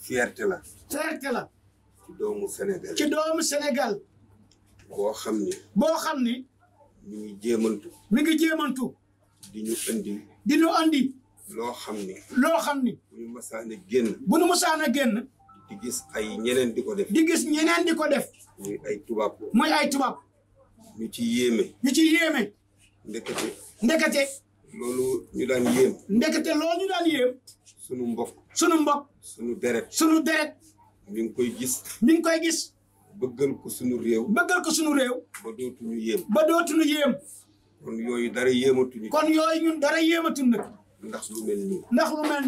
fierté la. fierté doomu Sénégal. ci doomu Sénégal. boo xam ni. boo xam ni. mi ngi jéemantu. mi ngi jéemantu. di ñu andi. di ñu andi. loo xam ni. loo xam ni. bu masaan a génn. bu ñu masaan a génn. di gis ay ñeneen di ko def. di gis ñeneen di ko def. muy ay tubaab. muy ñu ci yéeme. ñu ci yéeme. ndekete. ndekete. loolu ñu daan yéem. ndekete loolu ñu daan yéem. sunu mbokk. sunu mbokk. sunu deret. sunu deret. mi ngi koy gis. mi ngi koy gis. bëggal ko sunu réew. bëggal ko sunu réew. ba dootuñu yéem. ba dootuñu yéem. kon yooyu dara yéematuñu. kon yooyu ñu dara yéematuñu nag. ndax lu mel ndax lu mel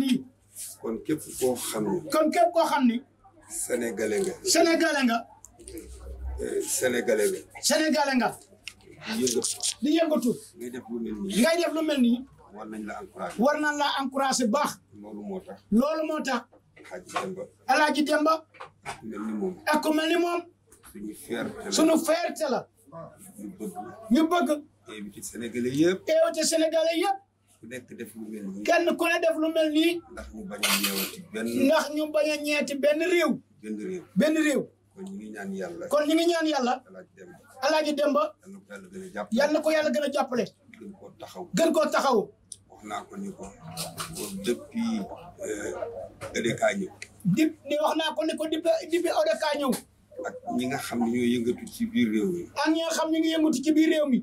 kon képp koo xam ni. kon képp koo xam ni. sénégalais nga. sénégalais nga. Eh, nga. di yëngatu ngay def lu mel nii. ngay def war nañ la encouragé. war nañ la encouragé baax. loolu moo tax. loolu moo tax. Alaaji Demba. Alaaji Demba. ak ku mel ni moom. ak ku mel ni moom. suñu fierté la suñu fierté la. ñu bëgg. ñu bëgg. invité Sénégalais yëpp. nekk def lu kenn ku ne def lu mel nii. ndax ñu bañ a ñeewati benn. ndax benn réew. benn réew. benn réew. kon ñu ngi ñaan yàlla. kon ñu ngi ñaan yàlla. alaaji Demba. yàlla na ko yàlla gën a jàppale. gën taxaw gën koo taxaw. wax naa ko ni ko depuis eh, ODK ñëw. dip ni wax naa ko ni ko depuis ODK ñëw. ak ñi nga xam ne ñoo yëngatu ci biir réew mi. ak ñi nga xam ne ci biir réew mi.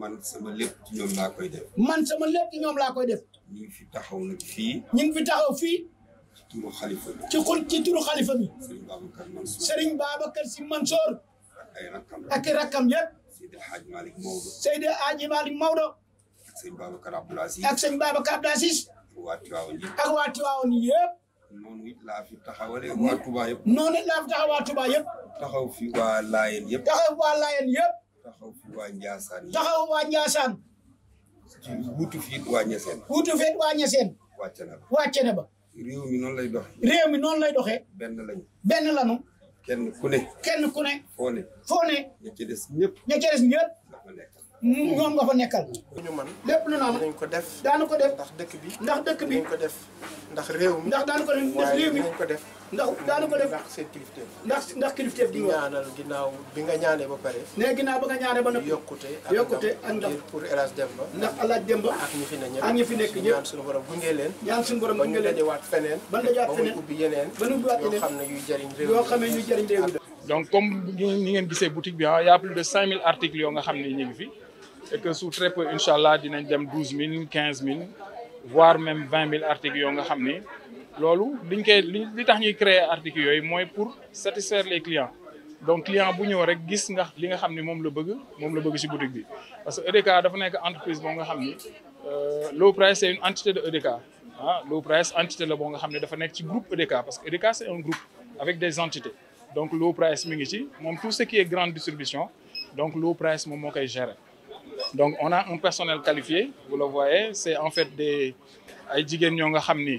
man sama lépp ci ñoom laa koy def. man sama lépp ñoom laa koy def. ñu fi taxaw nag fii. ñu ngi fi fii. turu xalifa bi. turu xalifa bi. Serigne Babacar Mansour. Serigne Babacar Sy Mansour. ak ay rakkam ak i rakkam yëpp. Seydi Hadji Malick Maodo. Seydi Hadji Malick Maodo. ak Serigne Babacar Abdoul Aziz. ak Serigne Babacar Abdoul Aziz. ak waa Tiwaawan yëpp. ak waa Tiwaawan yëpp. noonu it laa fi taxawalee taxaw waa Touba yëpp. taxaw fi waa Laayeen yëpp. taxaw wutu fi it wutu fi it waa ba. réew mi noonu lay dox. réew mi noonu lay doxee. benn lañu. benn lañu. kenn ku ne. kenn ku ne. foo ne. foo ne. ña ca des ñëpp. ña ca des ñoom nga fa nekkal. ñu man lépp lu naan dañ ko ko def ndax dëkk bi. ndax dëkk bi dañ ko def. ndax réew mi ndax daanu ko def ndax réew ko def. ndax daanu ko def ndax seen kilifteef. di ñaanal ginnaaw bi nga ñaanee ba pare. ne ginnaaw ba nga ñaanee ba noppi. yokkute ak yokkute ak ndax pour El Hadj Demba. ndax El Hadj ak ñi fi nekk ñaan suñu borom gunge leen. ñaan suñu borom gunge leen ba ñu dajewaat feneen. ba ñu dajewaat feneen ubbi yeneen. ba ñu ubbiwaat yeneen yoo xam ne yuy jëriñ réew yoo xam ne yuy jëriñ donc comme ni ngeen gisee boutique bi ah a plus de 5000 articles yoo nga xam ne ñu fi e que sous très peu incha allah dinañ dem douze mille quinze mille voire même vingt mille articles nga xam ni loolu liñ koy li tax ñuy créer articles yooyu mooy pour satisfaire les clients donc client bu ñëw rek gis nga li nga xam ni moom la bëgg moom la bëgg ci boutique bi parce que EDK dafa nekk entreprise boo nga xam ni euh, Low Price c'est une de EDK ah Low Price la boo nga xam ne dafa nekk ci groupe EDK parce que EDK c'est un groupe avec des entités donc Low Price mi ngi ci moom tout ce qui est grande distribution donc Low Price moom moo koy gérer donc on a un personnel qualifié vous le voyez c'est en fait des ay jigéen ñoo nga xam ni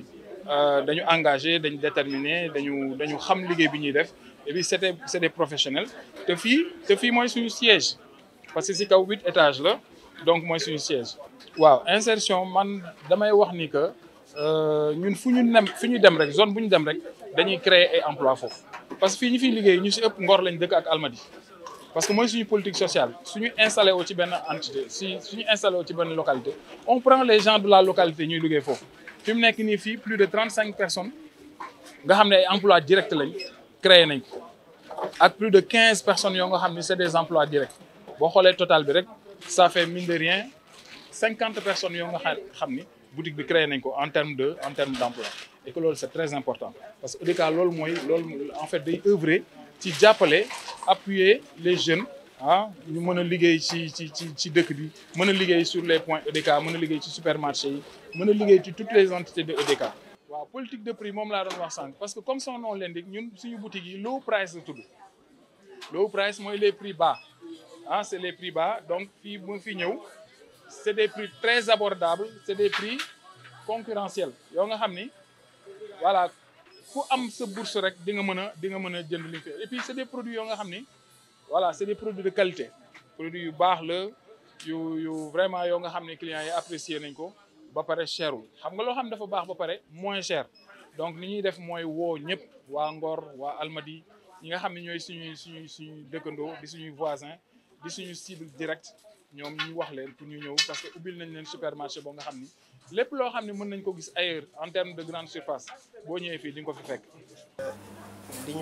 euh, dañu engagé dañu déterminé dañu dañu xam liggéey bi ñuy def et puis c'était c'est des professionnels te fii te fii mooy suñu siège parce que ci kaw huit étages la donc mooy suñu siège waaw insertion man damay wax ni que euh, ñun fu ñu nem fu ñu dem rek zone bu ñu dem rek dañuy créer ay emploi foofu parce que fi ñu fiy liggéey ñu ci ëpp Ngor lañ dëkk ak almadi parce que mooy suñu politique sociale suñu installé woo ci benn entité si suñu installé woo ci benn localité on prend les gens de la localité ñuy liggéey foofu fi mu nekk nii fii plus de trente cinq personnes nga xam ne ay direct directs lañ créé nañ ko ak plus de quinze personnes yoo nga xam ne c'est des emplois directs boo xoolee total bi rek ça fait mine de rien personnes yoo nga xam ni boutique bi créé nañ ko en terme de en terme d'emploi et que c'est très important parce que au cas loolu mooy ci jàppale appuyer les jeunes ah ñu mën a liggéey ci ci ci ci dëkk bi mën a liggéey sur les points EDK mën a liggéey ci supermarché yi mën a liggéey ci toutes les entités de EDK. waaw politique de prix moom laa doon wax sànq parce que comme son nom l'indique ñun suñu boutique yi low price la tudd low price mooy les prix ba ah c'est les prix ba donc fii bu fi ñëw c'est des prix très abordables c'est des prix concurrentiels yoo nga xam ni voilà. ku am sa bourse rek di nga mën a di nga mën a jënd li fi et puis c'est des produits yoo nga xam ni voilà c'est des produits de qualité produit yu baax la yu vraiment yoo nga xam ne clients yi apprécier nañ ko ba pare cherul xam nga loo xam dafa baax ba pare moins cher donc ni ñuy def mooy woo ñëpp waa Ngor waa Almadi ñi nga xam ne ñooy suñuy suñuy suñuy dëkkandoo di suñuy voisin di suñu cible direct ñoom ñu wax leen pour ñu ñëw parce que ubbil nañ leen supermarché boo nga xam ni lépp loo xam ne mën nañ ko gis ailleurs en terme de grande surface boo ñëwee fii di nga ko fi fekk.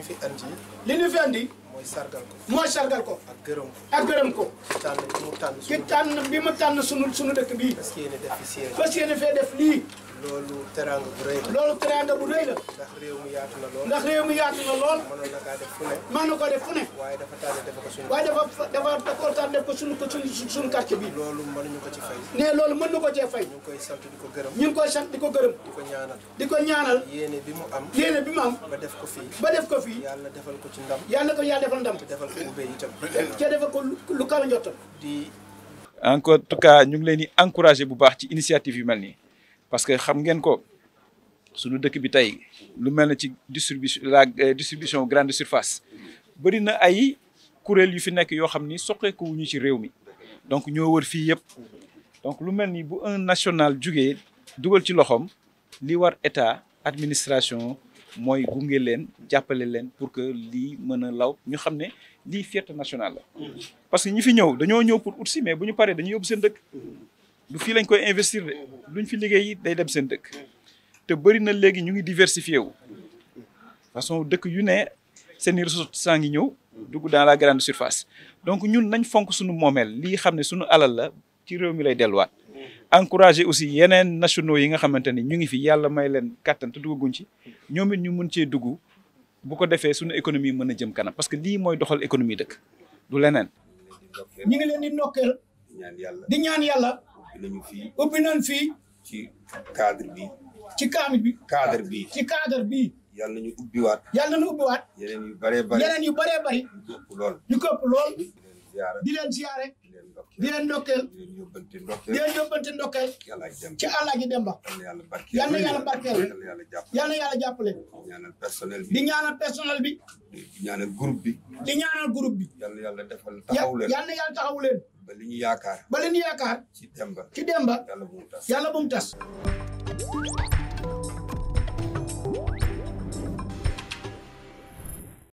fi andi. li fi andi. mooy sargal ko. mooy sargal ko. ak gërëm ko ak gërëm ko. tànn bi mu tànn sunu. ki tànn bi mu tànn sunu sunu dëkk bii. parce que a def fi séeréer. parce fee def lii. loolu teraanga bu rëy la. loolu teraanga bu rëy la. ndax réew mi yaatu na lool. ndax réew mi yaatu na lool. mënoon na kaa def fu ne. mën na koo def fu ne. waaye dafa tànn def ko sunu. waaye dafa dafa ko sunu ko loolu ko ci fay. ne loolu mën na ko cee fay. ñu ngi koy sant di ko gërëm. ñu ngi koy sant di ko gërëm. di ko ñaanal. di ko ñaanal. yéene bi mu am. yéene bi mu am. ba def ko fii. ba def ko fii. yàlla defal ko ci ndam. yàlla ko yàlla defal ndam. defal ko encore tout cas ñu ngi leen di encouragé bu baax ci initiative yu mel ni parce que xam ngeen ko sunu dëkk bi tey lu mel na ci distribution la euh, distribution grande surface bëri na ay kuréel yu fi nekk yoo xam ni soqeeku wuñu ci réew mi donc ñoo wër fii yëpp donc lu mel ni bu un national jugee dugal ci loxoom li war état administration. mooy gunge leen jàppale leen pour que lii mën a law ñu xam ne lii fierté nationale la. parce que ñi fi ñëw dañoo ñëw pour ut si mais bu ñu paree dañu yóbbu seen dëkk. du fii lañ koy investir de luñ fi liggéey yi day dem seen dëkk. te bëri na léegi ñu ngi diversifié wu. façon dëkk yu ne seen i ressources ngi ñëw. dugg dans la grande surface. donc ñun nañ fonk suñu moomeel lii xam ne suñu alal la ci réew mi lay delluwaat. encourager aussi yeneen nationaux yi nga xamante ni ñu ngi fi yàlla may leen kàttan te dugguñ ci ñoom it ñu mën cee dugg bu ko defee suñu économie mën a jëm kanam parce que lii mooy doxal économie dëkk du leneen. ñu ngi leen di ndokkeel di ñaan yàlla ubbi nañ fii ci cadre bi. ci cadre bi cadre bi ci cadre bi. yàlla na ñu ubbiwaat. yàlla na ñu ubbiwaat. yeneen yu bëree bëri yeneen yu bëree ñu ko ëpp lool. di leen ziare. di leen ndokkeel di leen yóbbante ndokkeel di leen yóbbante ndokkeel ci alaaji Demba yal na yàlla barkeel yal na yàlla jàppale di ñaanal personnel bi di ñaanal groupe bi di ñaanal groupe bi yal na yàlla defal taxawu leen yal na yàlla taxawu leen ba li ñu yaakaar ba li ñu yaakaar ci Demba ci Demba yàlla bu mu tas yàlla bu mu tas